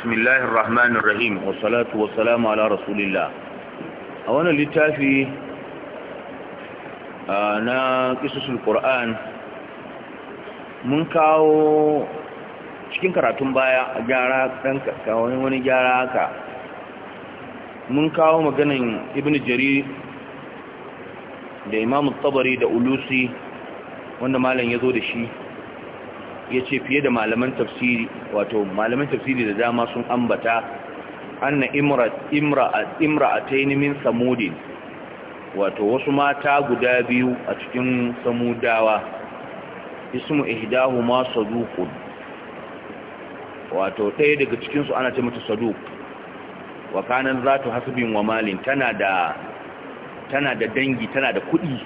بسم الله الرحمن الرحيم والصلاة والسلام على رسول الله أولا للتافي أنا قصص القرآن من كاو cikin karatun baya gyara ɗan kawai wani kawo maganin ibn jarir da imam da ulusi malam ya zo da shi ya ce fiye da malaman tafsiri wato malaman tafsiri da dama sun ambata anna ataini min samudin wato wasu mata guda biyu a cikin samudawa ismu ihdahuma saduqun wato ɗaya daga cikin su ana ce mata saduq wa kanan zatu hasbin wa malin tana da tana da dangi tana da kuɗi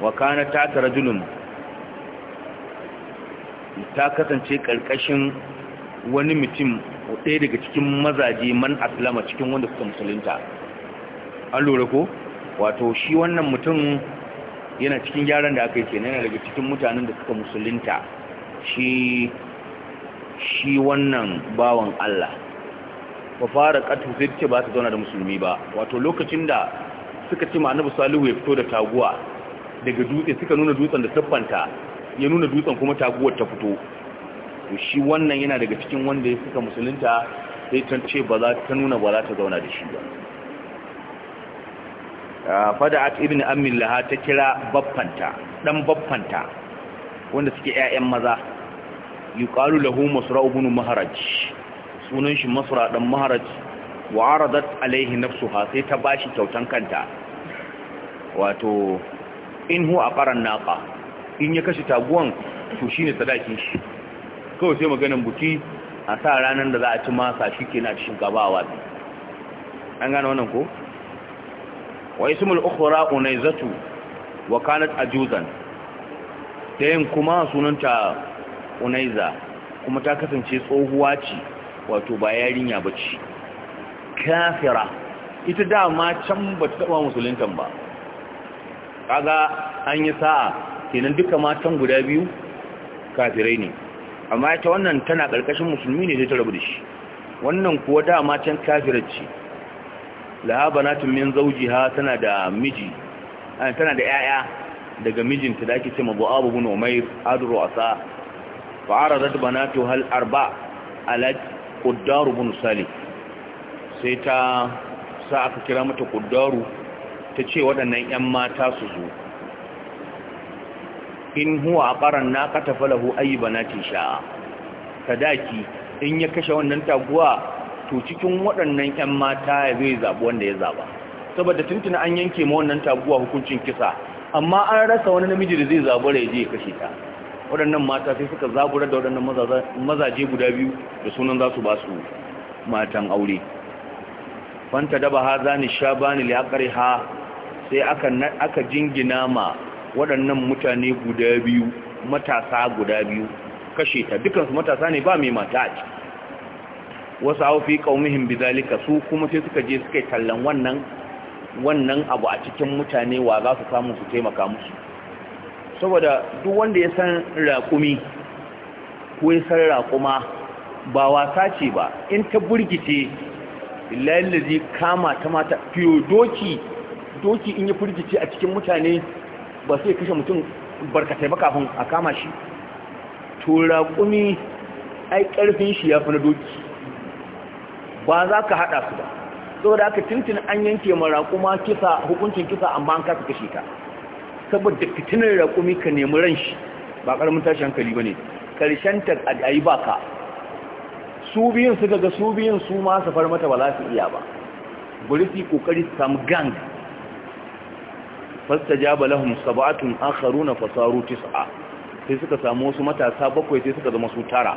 wa kana ta rajulun ta kasance karkashin wani mutum ɗaya daga cikin mazaje man aslama cikin wanda suka musulunta an lura ko wato shi wannan mutum yana cikin gyaran da aka yi ke yana daga cikin mutanen da suka musulunta shi shi wannan bawan Allah ba fara katu sai ce ba su zauna da musulmi ba wato lokacin da suka ce annabi salihu ya fito da taguwa daga dutse suka nuna dutsen da siffanta ya nuna dutsen kuma taguwar ta fito to shi wannan yana daga cikin wanda ya suka musulunta sai ta ce ba za ta nuna ba za ta zauna da shi ba Fada fada'at ibn ammin laha ta kira baffanta dan baffanta wanda suke ƴaƴan maza yuqalu lahu masra ibn maharaj sunan shi masra dan maharaj wa aradat alaihi nafsuha sai ta bashi kyautan kanta wato in huwa aqaran naqa in ya kashe taguwan to shine sadakin shi kawai sai maganan buki a sa ranar da za a ci masa shi ke na shinkafa a an gane wannan ko wa ismul ukhra unaizatu wa kanat ajuzan tayin kuma sunanta unaiza kuma ta kasance tsohuwa ce wato ba yarinya bace kafira ita dama can ba ta taba musuluntan ba kaga an yi sa'a kenan duka matan guda biyu kafirai ne amma ita wannan tana ƙarƙashin musulmi ne zai ta rabu da shi wannan kuwa da matan kafirar ce lahabanatun min zaujiha tana da miji tana da yaya daga mijinta da ake ce mabu abu bin umair adru asa fa aradat banatu hal arba ala kudaru bin salih sai ta sa aka kira mata kudaru ta ce waɗannan 'yan mata su zo in huwa a ƙaran aqaran naqata falahu ayi banatin ka sadaki in ya kashe wannan taguwa to cikin waɗannan ƴan mata ya zai zaɓi wanda ya zaɓa. saboda tuntuna an yanke ma wannan taguwa hukuncin kisa amma an rasa wani namiji da zai da ya je ya kashe ta waɗannan mata sai suka zaɓura da waɗannan mazaje guda biyu da sunan za su ba su matan aure fanta daba ha ni sha bani liyaƙari ha sai aka jingina ma waɗannan mutane guda biyu matasa guda biyu kashe ta dukansu matasa ne ba mai mata a ciki wasu haufi ƙaunihin bizalika su kuma sai suka je suka yi tallan wannan abu a cikin mutane wa za su samu su taimaka musu saboda duk wanda ya san raƙumi ko ya san raƙuma ba wasa ce ba in ta burgice lalazi kama ta mata fiye doki in ya furgice a cikin mutane ba sai kashe mutum barkatai ba kafin a kama shi to raƙumi ai ƙarfin shi ya fi na doki ba za ka haɗa su ba da aka tintin an yanke ma raƙuma kisa hukuncin kisa amma an kasa kashe ka saboda fitinar raƙumi ka nemi ran shi ba ƙaramin tashi hankali ba ne ƙarshen ta a ba ka su biyun su daga su biyun su ma safar far mata ba za su iya ba bari kokari ƙoƙari su samu gang fastajaba lahum sab'atun akharuna fasaru tis'a sai suka samu wasu matasa bakwai sai suka zama su tara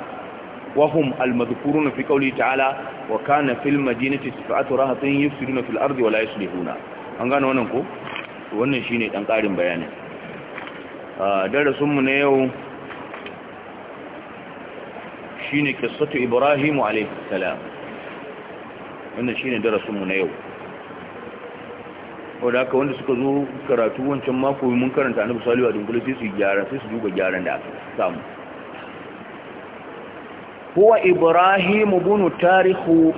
wahum almadhkuruna fi qawli ta'ala wa kana fil madinati tis'atu rahatin yufsiduna fil ardi wa la yuslihuna an gane wannan ko wannan shine dan karin bayani darasin na yau ibrahim alayhi wannan darasin mu na yau wadda haka wanda suka zo karatu wancan mako mun karanta annabi salihu a dunkule sai su gyara sai su duba gyaran da aka samu huwa ibrahim bunu tarihu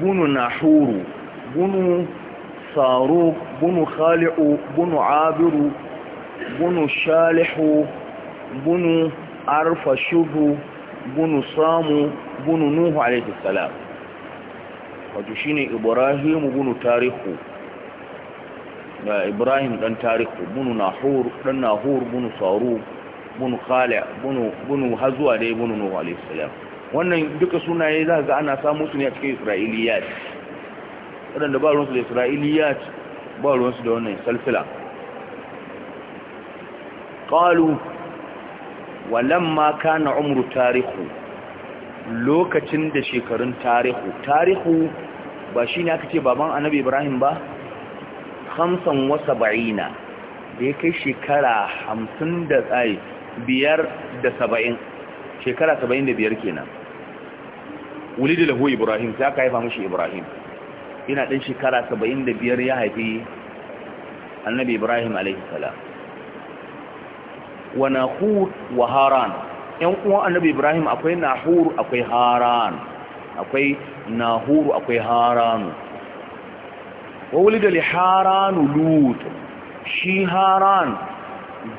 bunu nahuru bunu saruk bunu khali'u bunu abiru bunu shalihu bunu arfashubu bunu samu bunu nuhu alaihi salam wato shine ibrahim bunu tarihu ibrahim dan tarihu, bunu nahur dan nahur bunu saru bunu khala bunu bunu hazuwa dai bunu nuhu wannan duka sunaye za ga ana samu su ne a cikin isra'iliyat wadanda ba ruwansu da isra'iliyat ba ruwansu da wannan salsila qalu walamma kana umru tarihu lokacin da shekarun tarihu tarihu ba shine aka ce baban annabi ibrahim ba hamsin wasa ba'ina da ya kai shekara hamsin da tsari biyar da saba'in shekara saba'in da biyar kenan wuli da lahu ibrahim sai aka haifa mashi ibrahim yana ɗin shekara saba'in da biyar ya haifi annabi ibrahim alaihissalam wa nahur wa haran yan kuma annabi ibrahim akwai nahur akwai haran akwai nahur akwai haranu wa wulida li haranu lut shi haran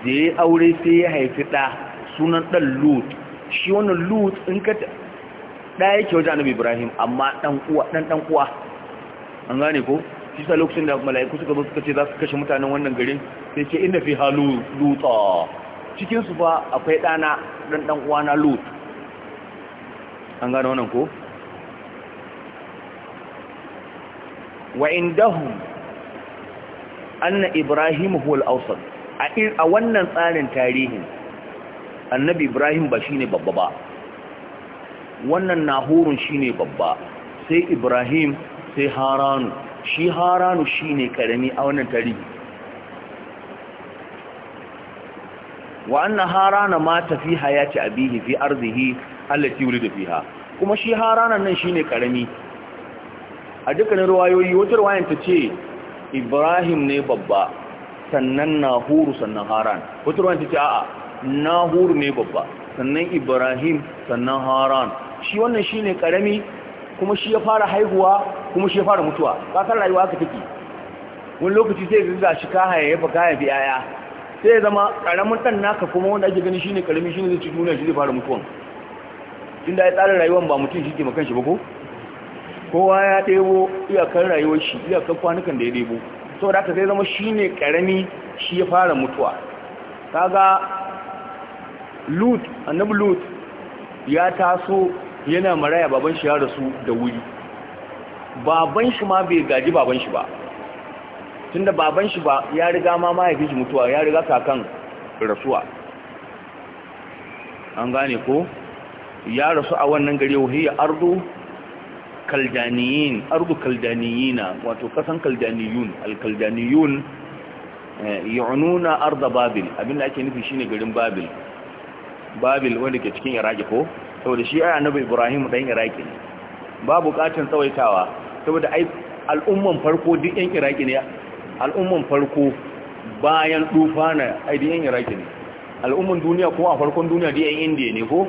da ya aure sai ya haifi ɗa sunan ɗan lut shi wannan lut in ka ɗa yake wajen annabi ibrahim amma ɗan uwa ɗan ɗan an gane ko shi sa lokacin da mala'iku suka zo suka ce za su kashe mutanen wannan garin sai ce inda fi halu luta cikinsu su fa akwai ɗana ɗan ɗan uwa na lut an gane wannan ko وعندهم أن إبراهيم هو الأوسط أولا tsarin tarihin annabi Ibrahim ba shine babba ba wannan nahurun shine babba sai Ibrahim sai Haranu shi Haranu shine karami a wannan tarihi wa anna Harana mata fi hayati abihi fi fiha kuma shi Harana nan shine karami a dukkanin ruwayoyi wata ruwayan ta ce ibrahim ne babba sannan nahuru sannan haran wata ruwayan ta ce a'a nahuru ne babba sannan ibrahim sannan haran shi wannan shi ne karami kuma shi ya fara haihuwa kuma shi ya fara mutuwa kasar rayuwa aka take wani lokaci sai ga shi ya hayayyafa ya fi yaya sai zama karamin dan naka kuma wanda ake gani shine karami shine zai ci duniya shi zai fara mutuwan da ya tsara rayuwar ba mutum shi ke makan shi ba ko kowa ya ɗebo iyakar rayuwar shi iyakar kwanukan da ya ɗebo saboda haka sai zama shi ne ƙarami shi ya fara mutuwa ga lut annabi lut ya taso yana maraya baban shi ya rasu da wuri baban shi ma bai gaji baban shi ba tunda baban shi ba ya riga ma mahaifin shi mutuwa ya riga kakan rasuwa an gane ko ya rasu a wannan gari wahiyar ardu kaldaniyin ardu kaldaniyina wato kasan kaldaniyun alkaldaniyun eh, ya'ununa arda babil abinda ake nufi shine garin babil babil wanda ke cikin iraki ko saboda shi ai annabi ibrahim dan iraki ne Babu bukatun tsawaitawa saboda ai al'umman farko duk yan iraki ne al'umman farko bayan dufana ai duk yan iraki ne al'umman duniya ko a farkon duniya duk yan indiya ne ko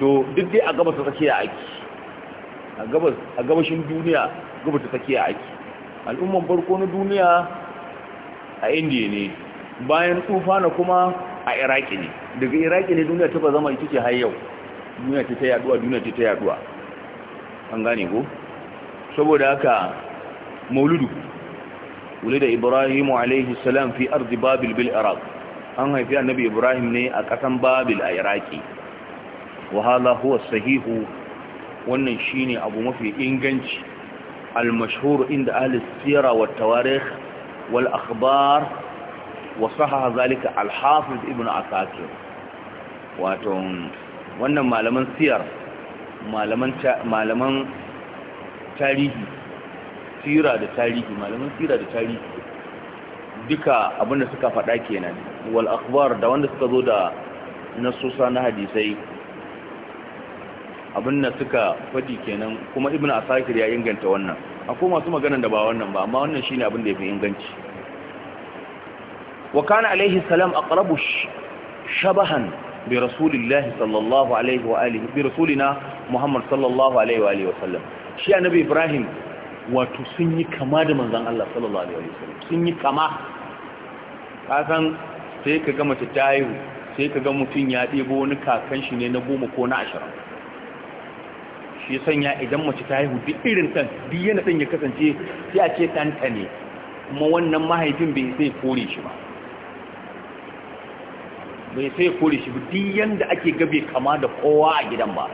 to duk dai a gaba su tsakiya ake a gabashin duniya gabata tsakiya ake al'umman farko na duniya a indiya ne bayan tsufa na kuma a iraki ne daga iraki ne duniya ta ba zama ita ce har yau duniya ta yaduwa duniya ta ta yaduwa an gane ko saboda haka mauludu da ibrahimu alaihi salam fi ardi babil bil iraq an haifi annabi ibrahim ne a kasan babil a iraki wa hala huwa sahihu wannan shine abu mafi inganci al-mashhur inda ahli sirra wa tawarikh wal akhbar wa sahaha zalika al-hafiz ibn asakir wato wannan malaman siyar malaman malaman tarihi sira da tarihi malaman sira da tarihi duka abinda suka faɗa kenan wal akhbar da wanda suka zo da nasusa na hadisai abin da suka faɗi kenan kuma ibn asakir ya inganta wannan akwai masu maganan da ba wannan ba amma wannan shine abin da yafi inganci wa kana alaihi salam aqrabu shabahan bi rasulillah sallallahu alaihi wa alihi bi rasulina muhammad sallallahu alaihi wa alihi wa sallam shi annabi ibrahim wato sun yi kama da manzon Allah sallallahu alaihi wa sallam sun yi kama kasan sai ka ga mace ta haihu sai ka ga mutum ya ɗebo wani kakan shi ne na goma ko na ashirin shi sanya idan mace ta haihu duk irin san duk yana ɗan ya kasance sai a ce ta ne kuma wannan mahaifin bai sai kore shi ba bai sai kore shi ba duk yanda ake gabe kama da kowa a gidan ba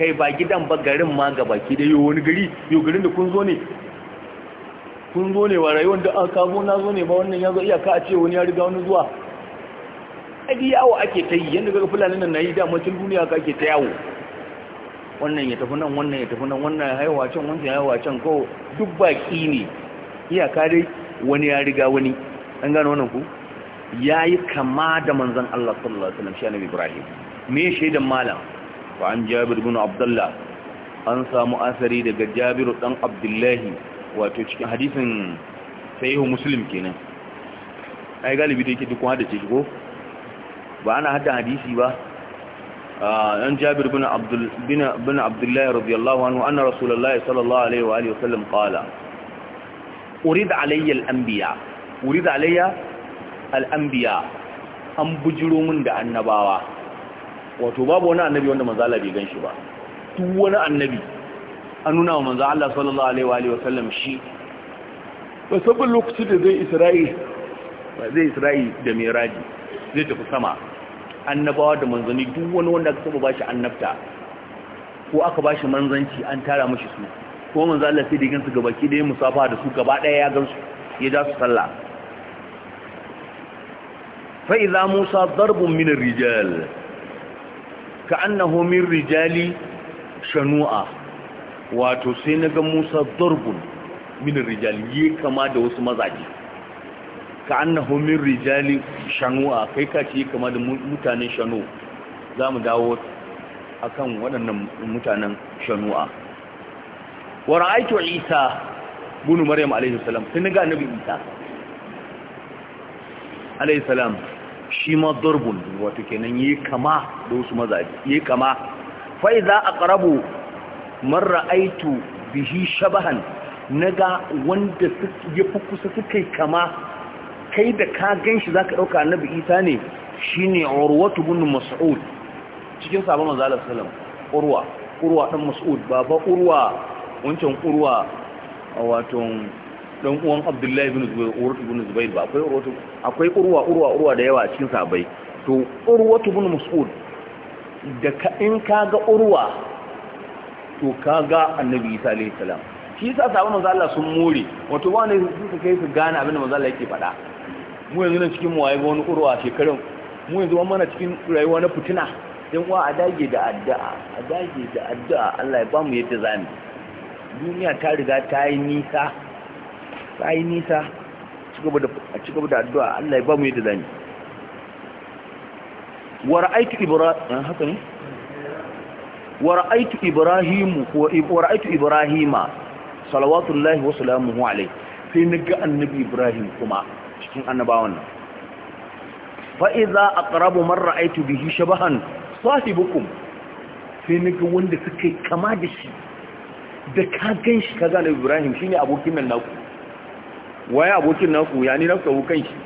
kai ba gidan ba garin ma ga baki da yau wani gari yau garin da kun zo ne kun zo ne wa rayuwar da aka zo na zo ne ba wannan ya zo iyaka a ce wani ya riga wani zuwa ake yawo ake ta yi yadda ga fulani nan na yi cin duniya ka ake ta yawo wannan ya tafi nan wannan ya tafi nan wannan haihuwa can wancan haihuwa can ko duk baki ne iyaka dai wani ya riga wani an gano wannan ku yayi kama da manzon Allah sallallahu alaihi wasallam shi annabi Ibrahim me shaidan malam wa an Jabir bin Abdullah an samu asari daga Jabir dan Abdullah wato cikin hadisin sahihu Muslim kenan ai galibi da yake duk wanda ce ko ba ana hada hadisi ba an jabir bin abdullahi radiyallahu anhu anna rasulallah sallallahu alaihi wa alihi wasallam qala urid alayya al-anbiya an bujiro mun da annabawa wato babu wani annabi wanda manzo Allah bai ganshi ba duk wani annabi an nuna wa manzo Allah sallallahu alaihi wa alihi shi wasabul lokaci da zai isra'i zai isra'i da miraji zai tafi sama annabawa da manzanni duk wani wanda aka saba bashi annabta ko aka bashi manzanci an tara mashi su ko manzo Allah sai digin su gabaki da musafa da su gaba daya ya gansu ya da su sallah fa idza musa darbun min ar-rijal ka'annahu min rijali shanu'a wato sai naga musa darbun min ar-rijal yi kama da wasu mazaje ka annahu min rijali shanu'a kai ka ce kama da mutanen shanu za mu dawo a kan waɗannan mutanen shanu'a wa ra'aitu isa bunu maryam alaihi salam sun ga annabi isa alaihi salam shi ma darbun wato kenan yi kama da wasu maza yi kama fa iza aqrabu man ra'aytu bihi shabahan naga wanda ya fi kusa suka kama kai da ka gan shi za ka ɗauka annabi isa ne shi ne Urwa tubunin mas'ud cikin sabon mazalar salam urwa urwa ɗan mas'ud baba urwa wancan urwa a waton ɗan uwan abdullahi bin zubai urwatu ba akwai urwatu akwai urwa urwa urwa da yawa a cikin sabai to Urwa tubunin mas'ud da ka in ka ga urwa to ka ga annabi isa alaihi salam shi sa sabon mazalar sun more wato wani su suka kai su gane abin da mazalar yake faɗa mu yanzu nan cikin muwaye ga wani a shekarun mu yanzu wani mana cikin rayuwa na fitina don wa a dage da addu'a a dage da addu'a Allah ya bamu yadda za mu duniya ta riga ta yi nisa ta yi nisa a ci gaba da addu'a Allah ya bamu yadda za mu wa aiki ibrahim eh, haka ne wa ibrahim wa ra'aytu ibrahima salawatullahi wa salamuhu alayhi sai annabi ibrahim kuma cikin annabawan nan fa iza aqrabu man ra'aytu bihi shabahan sahibukum sai ga wanda suke kama da shi da ka gan shi ka gane Ibrahim shine abokin nan naku waye abokin naku yani na kawo kan shi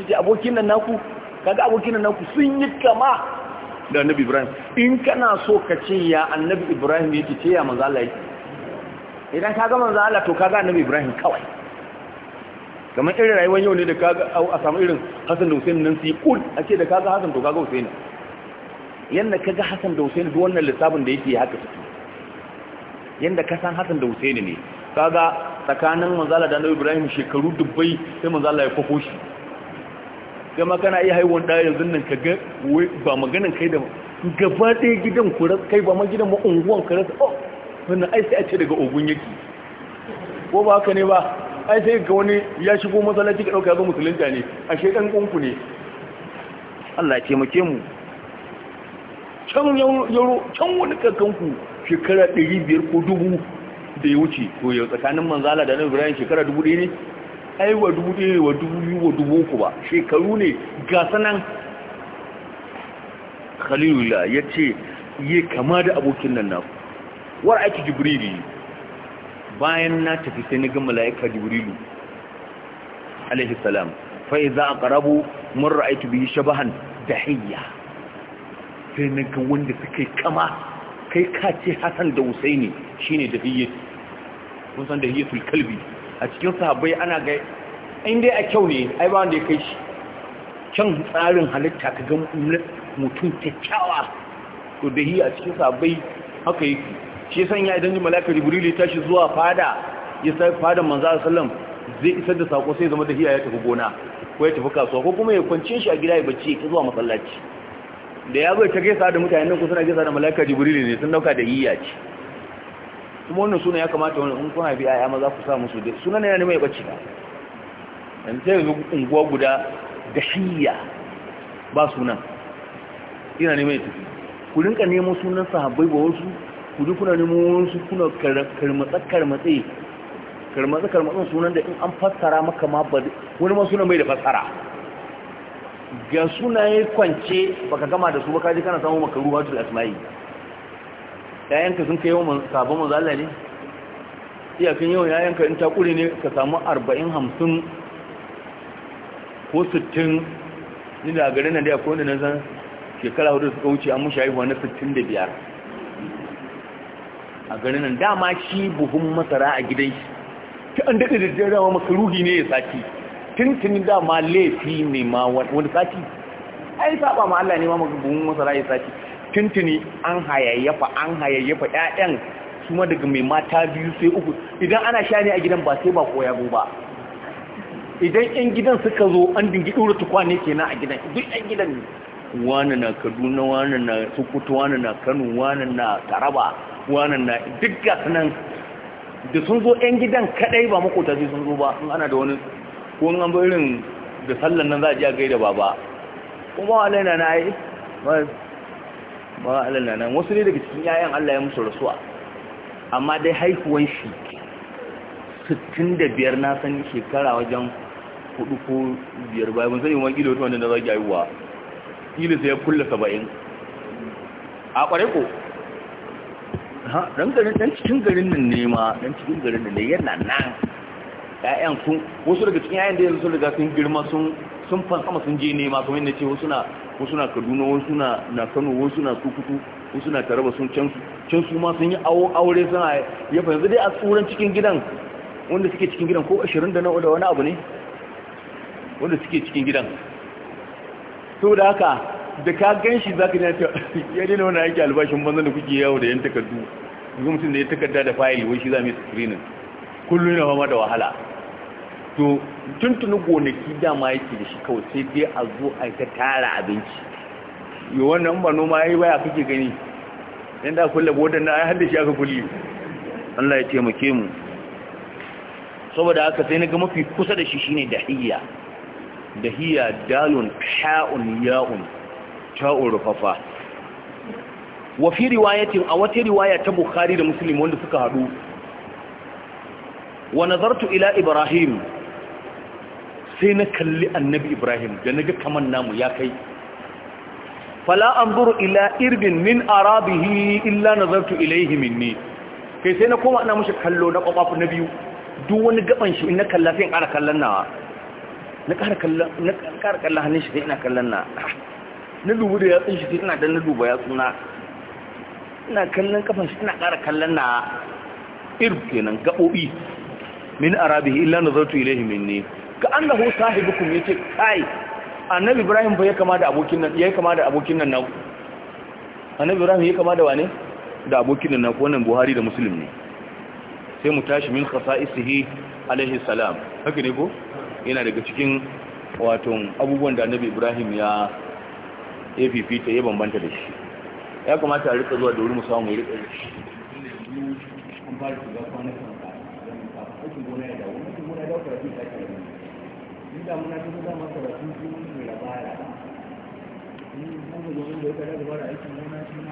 kije abokin nan naku kaga abokin nan naku sun yi kama da annabi Ibrahim in kana so ka ce ya annabi Ibrahim yake ce ya manzo Allah yake idan kaga manzo Allah to ka ga annabi Ibrahim kawai kamar irin rayuwar yau ne da kaga a samu irin Hassan da Hussein nan su yi kul a ce da kaga Hassan to kaga Hussein yanda kaga Hassan da Hussein duk wannan lissafin da yake haka su yanda ka san Hassan da Hussein ne kaga tsakanin manzala da Annabi Ibrahim shekaru dubbai sai manzala ya kwafo shi kuma kana iya haihuwar da yanzu nan ka ga ba maganin kai da gaba ɗaya gidan ku kai ba ma gidan ma unguwan ka rasa oh wannan ai sai a ce daga ogun yake ko ba haka ne ba ai sai ga wani ya shigo masallaci ka dauka ya zo musulunta ne a dan kunku ne Allah ya taimake mu can yaro can wani kakanku shekara 500 ko 2000 da ya wuce ko ya tsakanin manzala da nan Ibrahim shekara 1000 ne ai wa 1000 wa 2000 wa 2000 ku ba shekaru ne ga sanan Khalilullah yace yi kama da abokin nan naku war aiki jibrili bayan na tafi sai na ga mala'ika jibrilu alaihi salam fa idza aqrabu mun ra'aytu bihi shabahan dahiyya sai na ga wanda suke kama kai ka ce hasan da husaini shine dahiyya kun san dahiyyatul kalbi a cikin sahabbai ana ga in dai a kyau ne ai ba wanda ya kai shi Can tsarin halitta ka ga mutum kyakkyawa to dahiyya a cikin sahabbai haka yake shi san ya idan malaka jibril ya tashi zuwa fada ya sai fada manzo sallam zai isar da sako sai zama da hiya ya tafi gona ko ya tafi kasuwa ko kuma ya kwance shi a gida ya bacci ya zuwa masallaci da ya zo ta gaisa da mutanen nan ko suna gaisa da malaka jibril ne sun dauka da hiya ce kuma wannan sunan ya kamata wani in kuna biya ya maza ku sa musu dai sunan yana mai bacci ba dan sai yanzu unguwa guda da hiya ba sunan yana ne mai tafi ku rinka nemo sunan sahabbai ba wasu ku duk kuna nemo wasu kuna karmatsa-karmatsa karmatsa-karmatsa sunan da in an fassara maka ma ba wani ma sunan bai da fassara ga sunaye kwance baka gama da su ba kaji kana samun makaru hajjul asma'i yayanka sun kai yawan sabon mazala ne iyakin yawan yayanka in ta ƙuri ne ka samu arba'in hamsin ko sittin ni da garin nan da ya kone na zan shekara hudu suka wuce an mushi haihuwa na sittin da biyar a garin nan dama shi buhun masara a gidan shi ta an daɗe da jirawa makaruhi ne ya sati tuntunin dama laifi ne ma wani sati ai saba ma Allah ne ma buhun masara ya sati tuntuni an hayayyafa an hayayyafa ƴaƴan kuma daga mai mata biyu sai uku idan ana sha ne a gidan ba sai ba koya go ba idan ƴan gidan suka zo an dingi ɗora tukwane kenan a gidan duk ƴan gidan ne wani na kaduna wani na sokoto wani na kano wani na taraba wanan na duk gasu nan da sun zo 'yan gidan kadai ba makota zai sun zo ba in ana da wani ko an irin da sallan nan za a ji a gaida baba kuma alaina na yi ba alaina nan wasu ne daga cikin yayan Allah ya musu rasuwa amma dai haihuwan shi 65 na sani shekara wajen hudu ko biyar bayan mun sani wani ilo wanda na zagi haihuwa ilisa ya kulla 70 a kwarai ko ha dan cikin garin nan ne ma dan cikin garin nan ne yana nan ƴaƴan sun wasu daga cikin ƴaƴan da yanzu sun riga sun girma sun sun sama sun je nema kamar yadda ce wasu na wasu na Kaduna wasu na na Kano wasu na Sokoto wasu na Taraba sun can su can su ma sun yi aure suna ya fa yanzu dai a tsuran cikin gidan wanda suke cikin gidan ko 20 da nawa da wani abu ne wanda suke cikin gidan to da haka da ka gan shi za ka ne wani aiki albashin banza da kuke yawo da yan takardu yanzu mutum da ya takarda da fayil wai shi za mu yi screening kullum yana fama da wahala to tuntuni gonaki dama yake da shi kawai sai dai a zo a ta tara abinci yi wannan ba noma ya yi baya kake gani yan da kulle bodan na ai haddashi aka kulle Allah ya taimake mu saboda haka sai na ga mafi kusa da shi shine dahiya dahiya dalun ha'un ya'un kyawun rufafa wa fi riwayatin a wata riwaya ta bukhari da muslim wanda suka hadu wa nazartu ila ibrahim sai na kalli annabi ibrahim da naga kaman namu ya kai fala anzuru ila irbin min arabihi illa nazartu ilayhi minni kai sai na koma ina mushi kallo na kwakwafi na biyu duk wani gaban shi ina na kalla sai in ƙara kallon nawa na ƙara kallon hannun shi sai ina kallon na na dubu da yatsun shi tana dan na duba yatsuna ina kallon kafan shi ina ƙara kallon na irb kenan gaɓoɓi min arabi illa nazartu ilayhi minni ka annahu sahibukum yace kai annabi ibrahim fa ya kama da abokin nan yayi kama da abokin nan nau annabi ibrahim ya kama da wane da abokin nan naku wannan buhari da muslim ne sai mu tashi min khasa'isihi alaihi salam haka ne ko yana daga cikin wato abubuwan da annabi ibrahim ya app yi ya bambanta da shi ya kamata a rika zuwa da wuri mu samu rika shi